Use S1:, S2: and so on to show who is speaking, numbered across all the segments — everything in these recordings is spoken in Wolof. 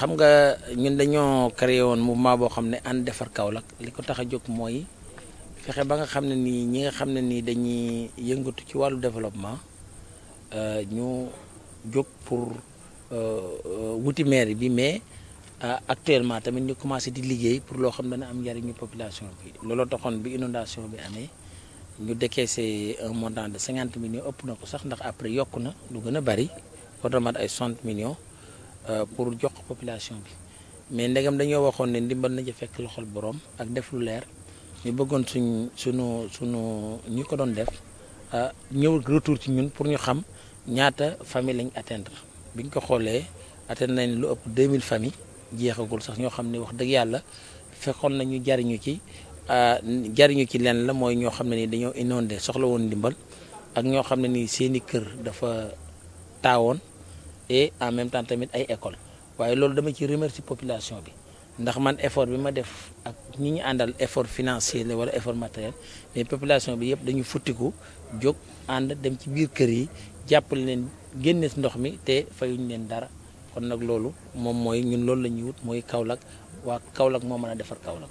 S1: xam nga ñun dañoo créé woon mouvement boo xam ne ànd defar Kaolack li ko tax a jóg mooy fexe ba nga xam ne nii ñi nga xam ne nii dañuy yëngatu ci wàllu développement euh, ñu jóg pour euh, euh, wuti maire bi mais actuellement tamit ñu commencé di liggéey pour loo xam dana am njariñu population bi looloo taxoon bi inondation bi amee ñu décaissé un montant de cinquante millions ëpp na ko sax ndax après yokk na lu gën a bari war na ay soixante millions euh, pour jox population bi mais ndegam dañoo waxoon ne ndimbal na ci fekk loxol boroom ak def lu leer ñu bëggoon suñu suñu suñu ñu ko doon def euh, ñëw retour ci ñun pour ñu xam ñaata famille lañ atteindre biñ ko xoolee atteindre nañ lu ëpp mille familles jeexagul sax ñoo xam ne wax dëgg yàlla fekkoon nañu jariñu ci. Euh, jariñu ci lenn la mooy ñoo xam ne ni dañoo inondé soxla woon ndimbal ak ñoo xam ne nii seeni kër dafa taawoon et en même temps tamit ay école waaye loolu dama ci remercier population bi ndax man effort bi ma def ak ñi ñu àndal effort financier la wala effort matériel mais population bi yëpp dañu futtiku jóg ànd dem ci biir kër yi jàppale leen génne si ndox mi te fayuñ leen dara kon nag loolu moom mooy ñun loolu la ñuy wut mooy Kaolack waa Kaolack moo mën a defar Kaolack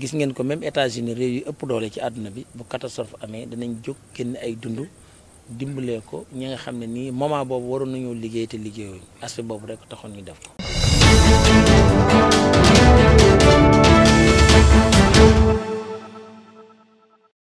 S1: gis ngeen ko même États-Unis réew yu ëpp doole ci àdduna bi bu catastrophe amee danañ jóg génn ay dund dimbalee ko ñi nga xam ne nii moment boobu waroon nañoo liggéey te liggéeyuñ aspect boobu rek taxoon ñu def ko.